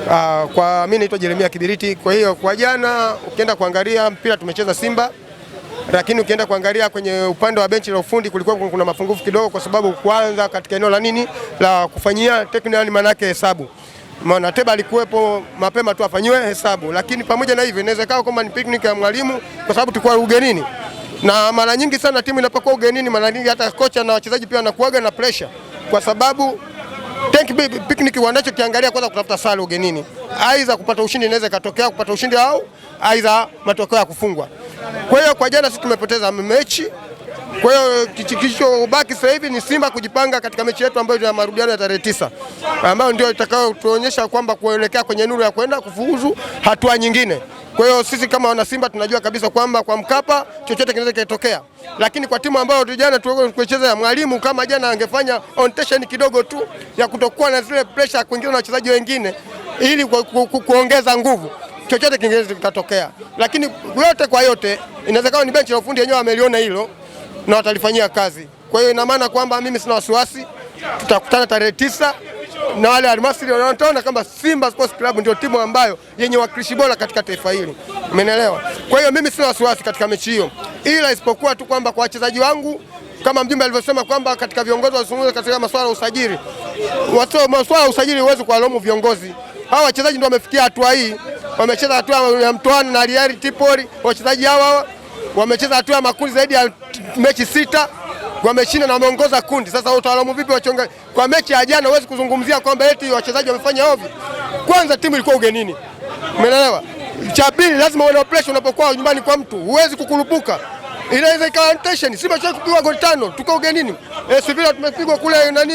Uh, kwa mimi naitwa Jeremia Kibiriti. Kwa hiyo kwa jana ukienda kuangalia mpira tumecheza Simba, lakini ukienda kuangalia kwenye upande wa benchi la ufundi kulikuwa kuna mapungufu kidogo, kwa sababu kwanza katika eneo la nini la kufanyia technical, manake hesabu maana Teba alikuwepo mapema tu afanyiwe hesabu, lakini pamoja na hivyo inawezekana kwamba ni picnic ya mwalimu, kwa sababu tulikuwa ugenini, na mara nyingi sana timu inapokuwa ugenini, mara nyingi hata kocha na wachezaji pia wanakuaga na pressure, kwa sababu Tank Picnic kiangalia kwanza kutafuta sare ugenini, aidha kupata ushindi, inaweza ikatokea kupata ushindi au aidha matokeo ya kufungwa. Kwa hiyo kwa jana sisi tumepoteza mechi, kwa hiyo kilichobaki sasa hivi ni Simba kujipanga katika mechi yetu ambayo ina marudiano ya tarehe tisa ambayo ndio itakayotuonyesha kwamba kuelekea kwenye nuru ya kwenda kufuzu hatua nyingine. Kwa hiyo sisi kama wana Simba tunajua kabisa kwamba kwa Mkapa chochote kinaweza kitokea, lakini kwa timu ambayo jana tulicheza ya mwalimu, kama jana angefanya orientation kidogo tu ya kutokuwa na zile pressure ya na wachezaji wengine ili ku, ku, ku, kuongeza nguvu, chochote kinaweza kitatokea, lakini yote kwa yote inawezekana ni benchi la ufundi yenyewe ameliona hilo na watalifanyia kazi. Kwa hiyo ina maana kwamba mimi sina wasiwasi, tutakutana tarehe tisa na wale Almasri wanaona kama Simba Sports Club ndio timu ambayo yenye wakilishi bora katika taifa hili, umeelewa? Kwa hiyo mimi sina wasiwasi katika mechi hiyo, ila isipokuwa tu kwamba kwa wachezaji wangu kama mjumbe alivyosema kwamba katika viongozi wazungumze katika masuala ya usajili, masuala ya usajili huwezi kuwalaumu viongozi. Hawa wachezaji ndio wamefikia hatua hii, wamecheza hatua ya mtoano na Real Ahly Tripoli, wachezaji hawa wamecheza hatua ya makundi zaidi ya mechi sita wameshinda na wameongoza kundi. Sasa utaalamu vipi wachonga? Kwa mechi ya jana huwezi kuzungumzia kwamba eti wachezaji wamefanya ovyo. Kwanza timu ilikuwa ugenini, umeelewa? Cha pili lazima uwe na pressure unapokuwa nyumbani kwa mtu, huwezi kukurupuka. Inaweza ikawa tension. Simba cha kupiga goli tano tuko ugenini. Eh, Sevilla tumepigwa kule nani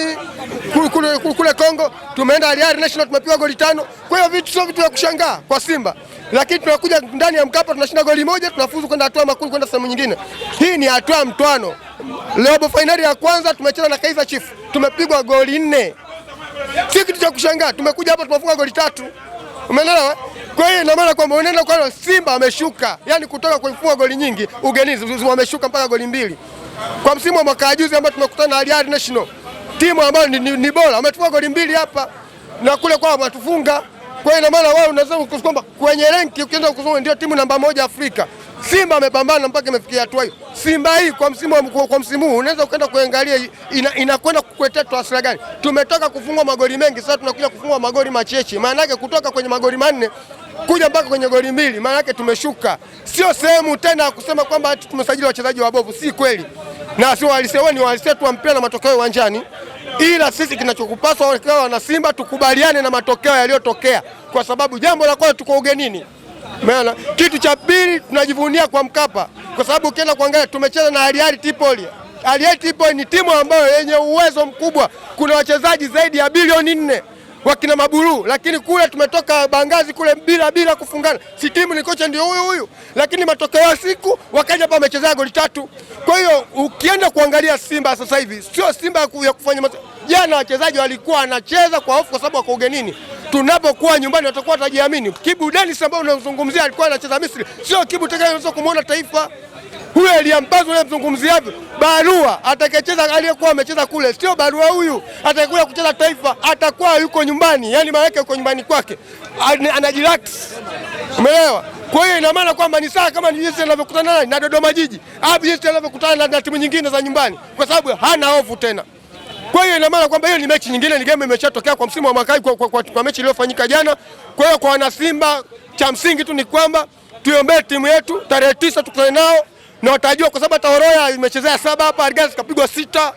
kule, kule Kongo, tumeenda Al National tumepigwa goli tano. Kwa hiyo vitu sio vitu vya kushangaa kwa Simba lakini tunakuja ndani ya Mkapa tunashinda goli moja, tunafuzu kwenda hatua makuu kwenda sehemu nyingine. Hii ni hatua mtwano. Robo fainali ya kwanza tumecheza na Kaizer Chiefs tumepigwa goli nne, si kitu cha kushangaa. Tumekuja hapa tumefunga goli tatu, umeelewa? Eh? Kwa hiyo ina maana kwamba unaenda kwa Simba ameshuka, yani kutoka kufunga goli nyingi ugenizi wameshuka mpaka goli mbili kwa msimu wa mwaka juzi ambao tumekutana na Al Ahly National, timu ambayo ni, ni, ni bora wametufunga goli mbili hapa na kule kwao wametufunga kwa hiyo ina maana wao unasema kwamba kwenye renki ukianza kusoma ndio timu namba moja Afrika. Simba amepambana mpaka imefikia hatua hiyo. Simba hii kwa msimu huu kwa msimu huu unaweza ukaenda kuangalia inakwenda ina kukuletea taswira gani? Tumetoka kufungwa magoli mengi, sasa tunakuja kufungwa magoli macheche. Maana yake kutoka kwenye magoli manne kuja mpaka kwenye goli mbili, maana yake tumeshuka. Sio sehemu tena kusema kwamba tumesajili wachezaji wabovu, si kweli na sio wahalisia. Ni wahalisia tu wa mpira na matokeo uwanjani ila sisi kinachokupaswa kama wana Simba tukubaliane na matokeo yaliyotokea, kwa sababu jambo la kwanza tuko ugenini. Maana kitu cha pili tunajivunia kwa Mkapa, kwa sababu ukienda kuangalia tumecheza na Al Ahly Tripoli. Al Ahly Tripoli ni timu ambayo yenye uwezo mkubwa, kuna wachezaji zaidi ya bilioni nne wakina Maburu, lakini kule tumetoka Bangazi kule bila bila kufungana, si timu ni kocha ndio huyu huyu, lakini matokeo ya siku wakaja hapa wamecheza goli tatu. Kwa hiyo ukienda kuangalia Simba sasa hivi sio Simba ya kufanya jana, wachezaji walikuwa wanacheza kwa hofu, kwa sababu wako ugenini. Tunapokuwa nyumbani watakuwa watajiamini. Kibu Denis ambaye unazungumzia alikuwa anacheza Misri, sio Kibu tena kumuona taifa huyo aliyambazo unayemzungumzia hapo, barua atakayecheza aliyekuwa amecheza kule sio barua. Huyu atakayekuja kucheza taifa atakuwa yuko nyumbani, yani maana yake yuko nyumbani kwake, anajirax. Umeelewa? Kwa hiyo ina maana kwamba ni sawa kama jinsi anavyokutana na Dodoma Jiji au jinsi anavyokutana na timu nyingine za nyumbani, kwa sababu hana hofu tena. Kwa hiyo ina maana kwamba hiyo ni mechi nyingine, ni game imeshatokea kwa msimu wa mwaka kwa, kwa, kwa, kwa mechi iliyofanyika jana. Kwa hiyo kwa wanasimba, cha msingi tu ni kwamba tuiombee timu yetu, tarehe tisa tukutane nao na watajua kwa sababu hata Horoya imechezea saba hapa, Aligazi kapigwa sita.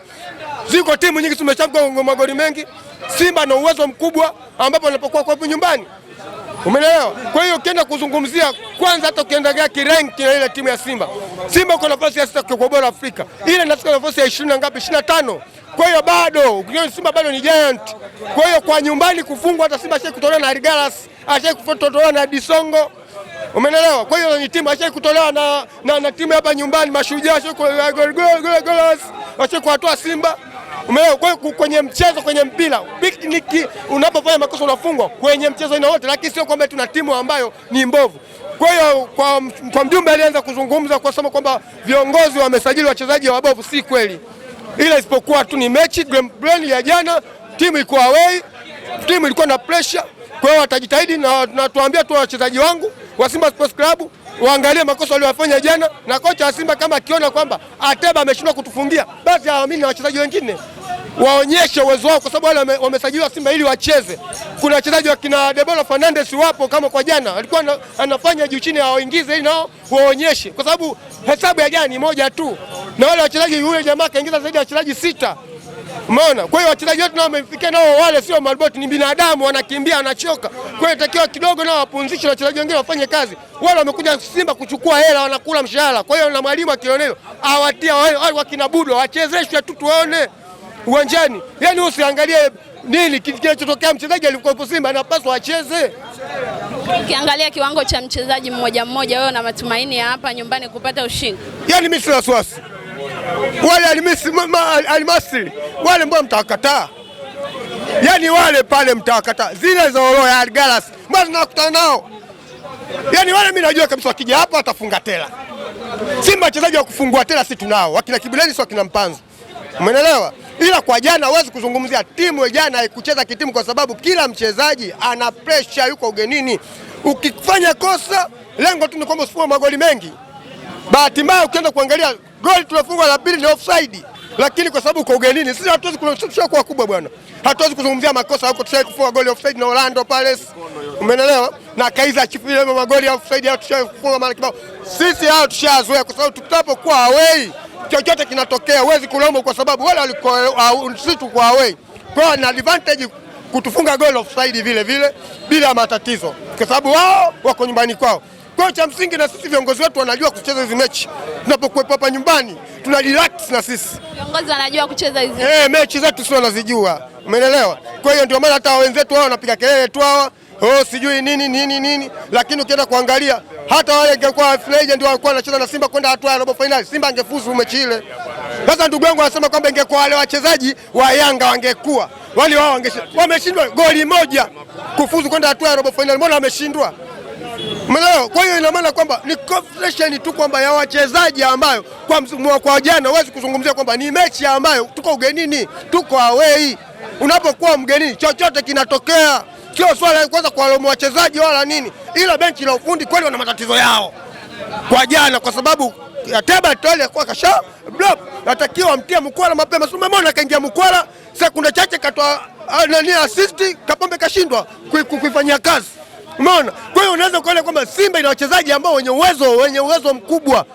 Ziko timu nyingi zimechapwa magoli mengi. Simba na uwezo mkubwa ambapo anapokuwa kwa nyumbani, umeelewa? Kwa hiyo ukienda kuzungumzia kwanza, hata ukienda ukiendelea kirank na ile timu ya Simba, Simba uko nafasi ya sita kwa bora Afrika, ile nafika nafasi ya 20 na ngapi, 25. Kwa hiyo bado ukiona Simba bado ni giant. Kwa hiyo kwa nyumbani kufungwa, hata Simba shake kutolewa na Aligazi, ashake kutolewa na Disongo Umenelewa? Kwa hiyo ni timu ashai kutolewa na, na, na timu hapa nyumbani mashujaa ashai kuwatoa Simba. Umeelewa? Kwa hiyo kwenye mchezo, kwenye mpira pikniki, unapofanya makosa unafungwa kwenye mchezo aina wote, lakini sio kwamba tuna timu ambayo ni mbovu. Kwa hiyo kwa, kwa mjumbe alianza kuzungumza kusema kwamba viongozi wamesajili wachezaji wabovu, si kweli, ila isipokuwa tu ni mechi game plan ya jana, timu iko away, timu ilikuwa na pressure. Kwa hiyo watajitahidi na natuambia tu wachezaji wangu wa Simba Sports Club waangalie makosa waliyofanya jana, na kocha wa Simba kama akiona kwamba Ateba ameshindwa kutufungia, basi aamini na wachezaji wengine waonyeshe uwezo wao, kwa sababu wale wamesajiliwa Simba ili wacheze. Kuna wachezaji wakina Debola Fernandez wapo, kama kwa jana alikuwa anafanya juu chini, awaingize ili nao waonyeshe, kwa sababu hesabu ya jana ni moja tu, na wale wachezaji, yule jamaa akaingiza zaidi ya wachezaji sita. Umeona? Kwa hiyo wachezaji wetu nao wamefikia nao wale sio maroboti, ni binadamu, wanakimbia, wanachoka. Kwa hiyo takiwa kidogo nao wapumzishe na wachezaji wengine wafanye kazi. Wale wamekuja Simba kuchukua hela, wanakula mshahara. Kwa hiyo na mwalimu akionea awatia wale wakina Budo wachezeshwe tu tuone uwanjani. Yaani usiangalie nini kinachotokea, mchezaji alikuwa Simba anapaswa acheze. Ukiangalia kiwango cha mchezaji mmoja mmoja, wewe una matumaini ya hapa nyumbani kupata ushindi? Yaani mimi sina wasiwasi wale Almasri wale mbona mtawakataa? Yani wale pale mtawakataa, zile za oroho ya Algalas mbona tunakutana nao? Yani wale mimi najua kabisa wakija hapa watafunga tela. Simba wachezaji wa kufungua tela si tunao, wakina Kibuleni si wakina Mpanzu, umeelewa? Ila kwa jana huwezi kuzungumzia timu jana haikucheza kitimu, kwa sababu kila mchezaji ana pressure, yuko ugenini. Ukifanya kosa, lengo tu ni kwamba usifue magoli mengi. Bahati mbaya ukienda kuangalia Goli tumefungwa la pili ni offside, lakini kwa sababu uko ugenini, sisi hatuwezi kwa kubwa bwana, hatuwezi kuzungumzia makosa huko. Tushawahi kufunga goli offside na Orlando Palace, umeelewa, na Kaiza Chifu ile magoli ya offside, tushawahi kufunga mara kibao. Sisi hao tushazoea, kwa sababu tukitapo kwa away chochote kinatokea, huwezi kulaumu kwa sababu wale walikuwa sisi tu kwa away, kwa na advantage kutufunga goli offside vile vile bila matatizo, kwa sababu wao wako nyumbani kwao. Kwa hiyo cha msingi, na sisi viongozi wetu wanajua kucheza hizi mechi. Tunapokuwepo hapa nyumbani, tuna relax na sisi viongozi wanajua kucheza hizi eh, mechi zetu sio wanazijua, umeelewa? Kwa hiyo ndio maana hata wenzetu wao wanapiga kelele tu hawa oh, sijui nini nini nini, lakini ukienda kuangalia hata wale ingekuwa free ndio walikuwa wanacheza na Simba kwenda hatua ya robo finali, Simba angefuzu mechi ile. Sasa ndugu yangu anasema kwamba ingekuwa wale wachezaji wa Yanga wangekuwa wale wao wameshindwa goli moja kufuzu kwenda hatua ya robo finali, mbona wameshindwa? Mleo. Kwa hiyo ina maana kwamba ni confession tu kwamba ya wachezaji ambayo kwa msimu kwa jana huwezi kuzungumzia kwamba ni mechi ambayo tuko ugenini, tuko away. Unapokuwa mgenini chochote kinatokea, sio swala kwanza lomo wachezaji wala nini, ila benchi la ufundi kweli wana matatizo yao kwa jana, kwa sababu Teba Tole kwa kasha blop natakiwa mtia mkwala mapema. Sio umeona kaingia mkwala sekunde chache katoa ah, nani assist, Kapombe kashindwa kuifanyia kazi. Umeona? Kwa hiyo unaweza kuona kwamba Simba ina wachezaji ambao wenye uwezo wenye uwezo mkubwa,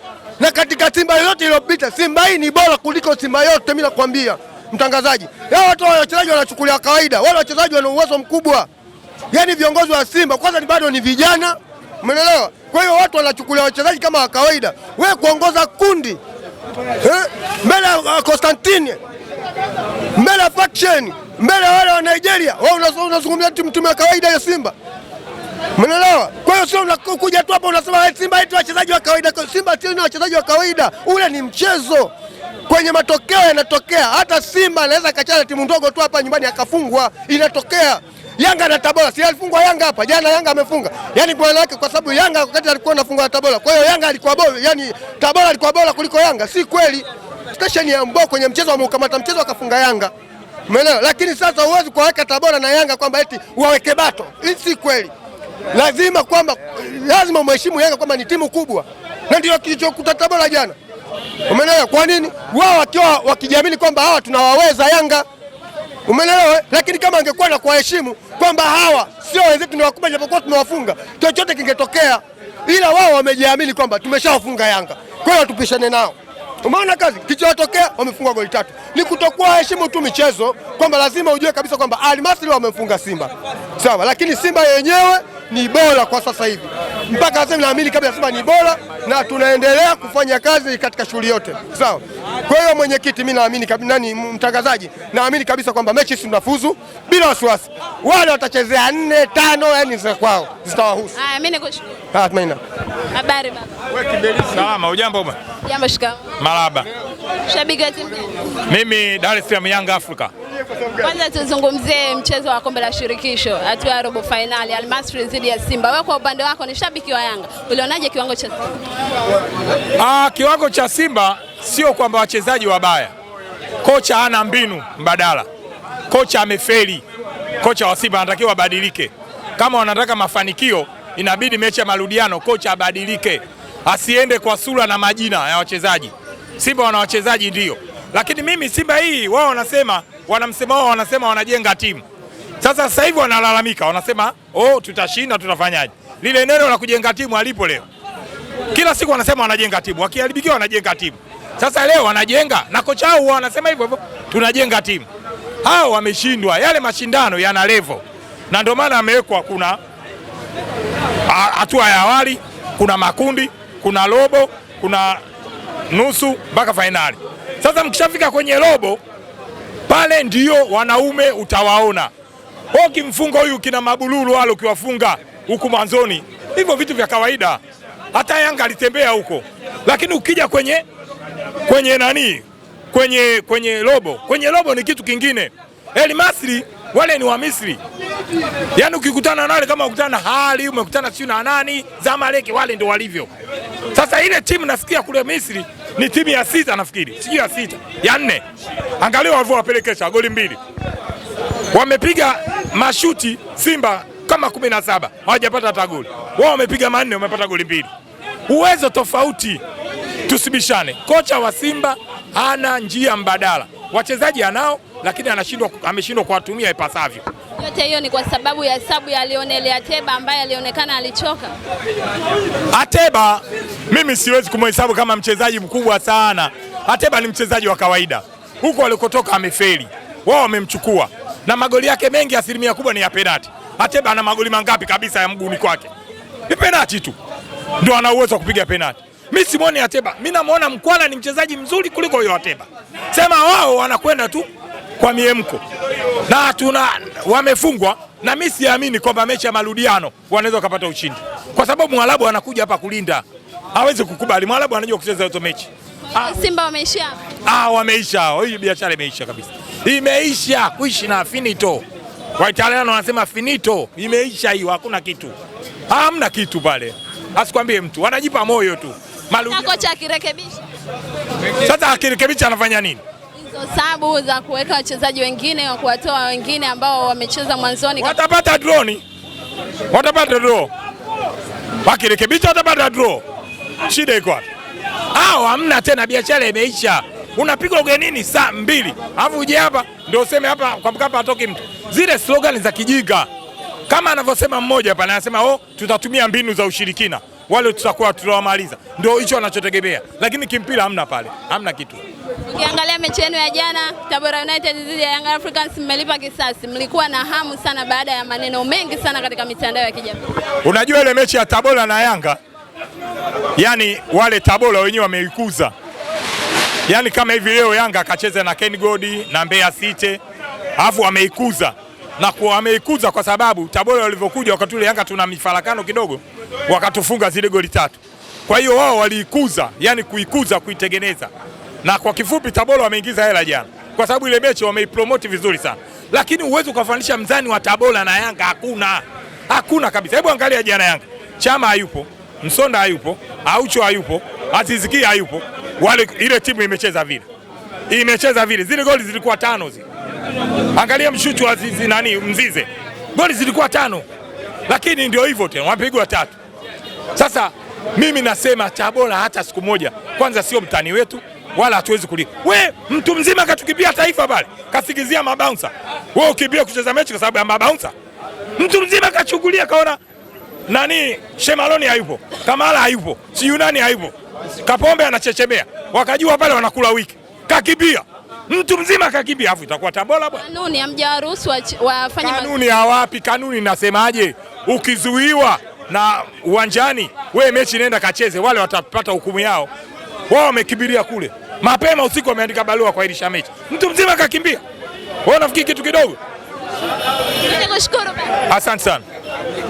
na katika Simba yote iliyopita Simba hii ni bora kuliko Simba yote. Mimi nakwambia mtangazaji, hao watu wa wachezaji wanachukulia kawaida, wale wachezaji wana uwezo mkubwa. Yaani viongozi wa Simba kwanza ni bado ni vijana, umeelewa? Kwa hiyo watu wanachukulia wachezaji kama wa kawaida. Wewe kuongoza kundi eh, mbele ya uh, Constantine, mbele ya faction, mbele ya wale wa Nigeria, wewe unazungumzia timu ya kawaida ya Simba. Mnaelewa? Kwa hiyo sio unakuja tu hapa unasema hey, eh, Simba eti wachezaji wa kawaida. Simba ni wachezaji wa kawaida, ule ni mchezo kwenye matokeo yanatokea. Hata Simba anaweza na timu ndogo tu hapa nyumbani akafungwa, inatokea. Yanga na Tabora, si alifungwa Yanga hapa jana, Yanga amefunga. Yaani kwa lake kwa sababu Yanga wakati alikuwa anafunga na Tabora, kwa hiyo Yanga alikuwa bora, yani Tabora alikuwa bora kuliko Yanga. Si kweli? Station ya Mbo kwenye mchezo wameukamata mchezo akafunga Yanga, umeelewa? Lakini sasa huwezi kuwaweka Tabora na Yanga kwamba eti waweke bato, hii si kweli lazima kwamba lazima mheshimu Yanga kwamba ni timu kubwa, na ndio kilichokuta Tabora jana. Umeelewa? Kwa nini wao wakiwa wakijiamini kwamba hawa tunawaweza Yanga, umeelewa? Lakini kama angekuwa na kuwaheshimu kwamba hawa sio wenzetu, ni wakubwa, japokuwa tumewafunga, chochote kingetokea, ila wao wamejiamini kwamba tumeshawafunga Yanga, kwa hiyo tupishane nao. Umeona kazi kichotokea, wamefunga goli tatu. Ni kutokuwa heshima tu michezo, kwamba lazima ujue kabisa kwamba Almasri wamemfunga Simba, sawa, lakini Simba yenyewe ni bora kwa sasa hivi, mpaka sasa naamini kabla nasema ni bora, na tunaendelea kufanya kazi katika shughuli yote sawa. Kwa hiyo mwenyekiti, mimi naamini nani, mtangazaji, naamini kabisa kwamba mechi si tunafuzu bila wasiwasi. Wale watachezea nne tano, yani za kwao zitawahusu. Haya, mimi nikushukuru. Ah, tumaina. Habari baba. Wewe kimbeli salama, ujambo bwana? Jambo, shikamoo. Maraba. Shabiki wa timu gani? Mimi Dar es Salaam Yanga afrika kwanza tuzungumzie mchezo wa kombe la shirikisho hatua ya robo fainali Almasri dhidi ya Simba. Wewe kwa upande wako ni shabiki wa Yanga, ulionaje kiwango cha Simba? Ah, kiwango cha Simba sio kwamba wachezaji wabaya, kocha hana mbinu mbadala, kocha amefeli. Kocha wa Simba anatakiwa abadilike. Kama wanataka mafanikio, inabidi mechi ya marudiano kocha abadilike, asiende kwa sura na majina ya wachezaji. Simba wana wachezaji ndio lakini mimi Simba hii wao wanasema wanamsema wao, wanasema wanajenga timu. Sasa sasa hivi wanalalamika, wanasema oh, tutashinda, tutafanyaje? Lile neno la kujenga timu alipo leo, kila siku wanasema wanajenga timu, wakiharibikiwa wanajenga timu. Sasa leo wanajenga na kocha wao wanasema hivyo hivyo, tunajenga timu. Hao wameshindwa, yale mashindano yana level, na ndio maana amewekwa, kuna hatua ya awali, kuna makundi, kuna robo, kuna nusu mpaka fainali. Sasa mkishafika kwenye robo pale ndiyo wanaume utawaona. Ukimfunga huyu kina mabululu wale, ukiwafunga huku mwanzoni, hivyo vitu vya kawaida. Hata Yanga alitembea huko, lakini ukija kwenye kwenye nani kwenye kwenye robo kwenye robo ni kitu kingine. El Masri wale ni wa Misri, yaani ukikutana nale kama ukutana hali umekutana siu na nani Zamaleki, wale ndio walivyo. Sasa ile timu nasikia kule Misri ni timu ya sita nafikiri, sijui ya sita ya nne, angalia walivyowapelekesha goli mbili, wamepiga mashuti Simba kama kumi na saba hawajapata hata goli, wao wamepiga manne wamepata goli mbili. Uwezo tofauti, tusibishane. Kocha wa Simba ana njia mbadala, wachezaji anao lakini anashindwa, ameshindwa kuwatumia ipasavyo. Yote hiyo ni kwa sababu ya hesabu ya Lionel Ateba ambaye alionekana alichoka. Ateba mimi siwezi kumhesabu kama mchezaji mkubwa sana. Ateba ni mchezaji wa kawaida, huko alikotoka amefeli, wao wamemchukua na magoli yake mengi, asilimia kubwa ni ya penati. Ateba ana magoli mangapi kabisa ya mguuni kwake? Ni penati tu ndio ana uwezo wa kupiga penati. Mi simwoni Ateba, mi namwona Mkwala ni mchezaji mzuri kuliko huyo Ateba. Sema wao wanakwenda tu kwa miemko na tuna wamefungwa, na mimi siamini kwamba mechi ya marudiano wanaweza kupata ushindi, kwa sababu mwarabu anakuja hapa kulinda, hawezi kukubali. Mwarabu anajua kucheza hizo mechi. Ah, Simba wameisha, ah, wameisha. Hii biashara imeisha kabisa, imeisha kuishi na finito. Waitaliano wanasema finito, imeisha hiyo, hakuna kitu, hamna kitu pale, asikwambie mtu, wanajipa moyo tu. Kocha akirekebisha sasa, akirekebisha anafanya nini? sabu za kuweka wachezaji wengine wa kuwatoa wengine ambao wamecheza mwanzoni. Watapata droni, watapata draw, wakirekebisha watapata draw. Shida iko wapi? Hao hamna tena, biashara imeisha. Unapiga ugenini saa mbili alafu uje hapa ndio useme hapa kwa Mkapa atoki mtu. Zile slogan za kijinga kama anavyosema mmoja hapa, anasema oh, tutatumia mbinu za ushirikina wale tutakuwa tunawamaliza. Ndio hicho anachotegemea, lakini kimpira hamna pale, hamna kitu. Ukiangalia mechi yenu ya jana Tabora United dhidi ya Young Africans mmelipa kisasi, mlikuwa na hamu sana baada ya maneno mengi sana katika mitandao ya kijamii. Unajua ile mechi ya Tabora na Yanga, yaani wale Tabora wenyewe wameikuza, yaani kama hivi leo Yanga akacheza na Ken Godi na Mbeya City, alafu wameikuza na wameikuza kwa sababu Tabora walivyokuja wakati ule Yanga tuna mifarakano kidogo, wakatufunga zile goli tatu. Kwa hiyo wao waliikuza, yani kuikuza, kuitengeneza na kwa kifupi, Tabora wameingiza hela jana, kwa sababu ile mechi wameipromoti vizuri sana, lakini huwezi ukafanisha mzani wa Tabora na Yanga, hakuna hakuna kabisa. Hebu angalia jana, Yanga Chama hayupo, Msonda hayupo, Aucho hayupo, Aziziki hayupo, wale ile timu imecheza vile, imecheza vile, zile goli zilikuwa tano zile. Angalia mshutu Azizi nani Mzize, goli zilikuwa tano, lakini ndio hivyo tena, wapigwa tatu. Sasa mimi nasema Tabora hata siku moja, kwanza sio mtani wetu wala hatuwezi kulia. We mtu mzima katukimbia taifa pale, kasikizia mabaunsa, we ukimbia kucheza mechi kwa sababu ya mabaunsa? Mtu mzima kachungulia, kaona nani, Shemaloni hayupo, Kamala hayupo, si Yunani hayupo, Kapombe anachechemea, wakajua pale wanakula wiki, kakimbia mtu mzima kakimbia, afu itakuwa Tabora bwana. Kanuni hamjaruhusu wafanye wa kanuni hawapi kanuni, nasemaje? Ukizuiwa na uwanjani, we mechi nenda kacheze, wale watapata hukumu yao, wao wamekimbilia kule mapema usiku ameandika barua Elisha mechi, mtu mzima kakimbia. Wewe unafikiri kitu kidogo? Asante sana.